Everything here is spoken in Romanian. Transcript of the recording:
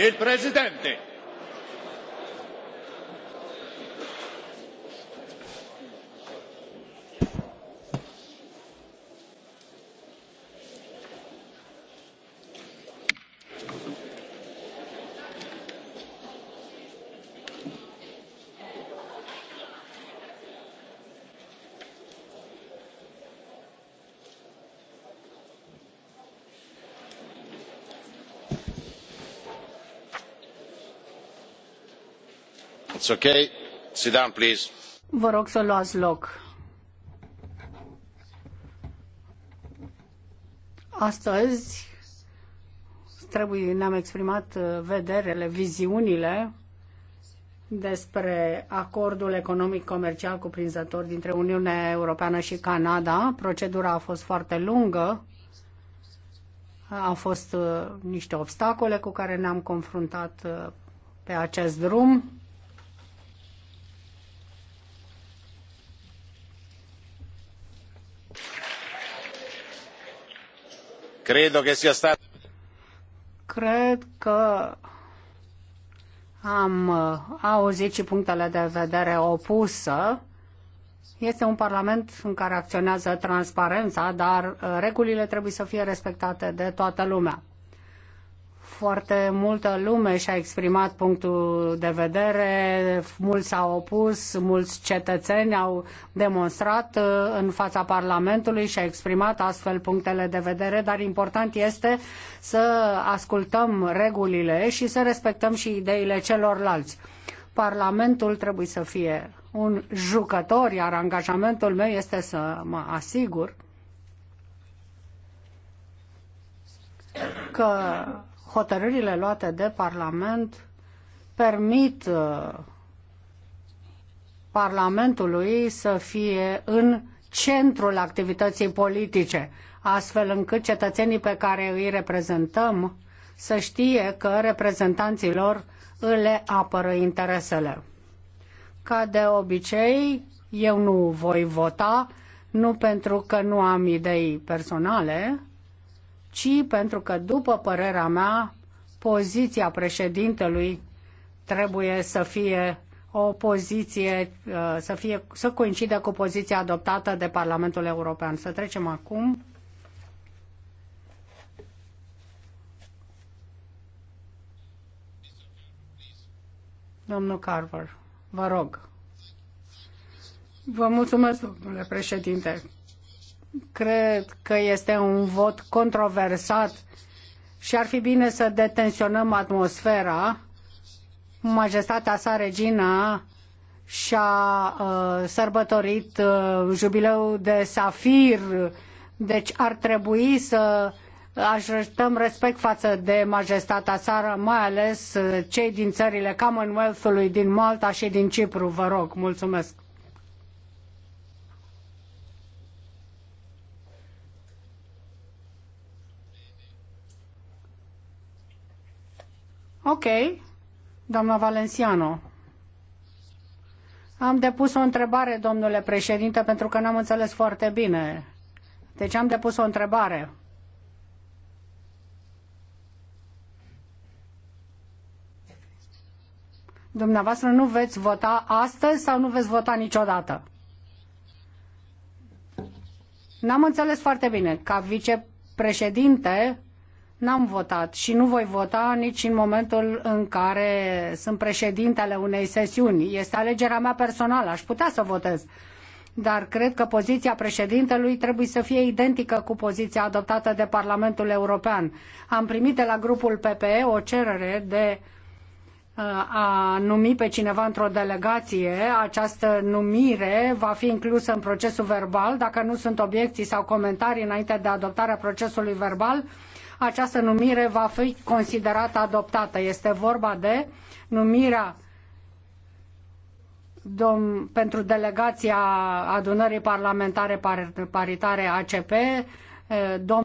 il presidente. Vă rog să luați loc. Astăzi trebuie, ne-am exprimat uh, vederele, viziunile despre acordul economic comercial cuprinzător dintre Uniunea Europeană și Canada. Procedura a fost foarte lungă. Au fost uh, niște obstacole cu care ne-am confruntat uh, pe acest drum. Credo che sia stato. Cred că am uh, auzit și punctele de vedere opusă. Este un parlament în care acționează transparența, dar uh, regulile trebuie să fie respectate de toată lumea. Foarte multă lume și-a exprimat punctul de vedere, mulți s-au opus, mulți cetățeni au demonstrat uh, în fața Parlamentului și-a exprimat astfel punctele de vedere, dar important este să ascultăm regulile și să respectăm și ideile celorlalți. Parlamentul trebuie să fie un jucător, iar angajamentul meu este să mă asigur că hotărârile luate de Parlament permit uh, Parlamentului să fie în centrul activității politice, astfel încât cetățenii pe care îi reprezentăm să știe că reprezentanților le apără interesele. Ca de obicei, eu nu voi vota, nu pentru că nu am idei personale, ci pentru că, după părerea mea, poziția președintelui trebuie să fie o poziție, uh, să, fie, să coincide cu poziția adoptată de Parlamentul European. Să trecem acum Domnul Carver, vă rog. Vă mulțumesc, domnule președinte. Cred că este un vot controversat și ar fi bine să detensionăm atmosfera. Majestatea sa, regina, și-a uh, sărbătorit uh, jubileul de safir, deci ar trebui să ajutăm respect față de majestatea sa, mai ales uh, cei din țările Commonwealth-ului, din Malta și din Cipru, vă rog. Mulțumesc! Ok, doamna Valenciano. Am depus o întrebare, domnule președinte, pentru că n-am înțeles foarte bine. Deci am depus o întrebare. Dumneavoastră nu veți vota astăzi sau nu veți vota niciodată? N-am înțeles foarte bine. Ca vicepreședinte, N-am votat și nu voi vota nici în momentul în care sunt președintele unei sesiuni. Este alegerea mea personală, aș putea să votez. Dar cred că poziția președintelui trebuie să fie identică cu poziția adoptată de Parlamentul European. Am primit de la grupul PPE o cerere de uh, a numi pe cineva într-o delegație. Această numire va fi inclusă în procesul verbal. Dacă nu sunt obiecții sau comentarii înainte de adoptarea procesului verbal, această numire va fi considerată adoptată. Este vorba de numirea dom- pentru delegația adunării parlamentare paritare ACP, eh, dom-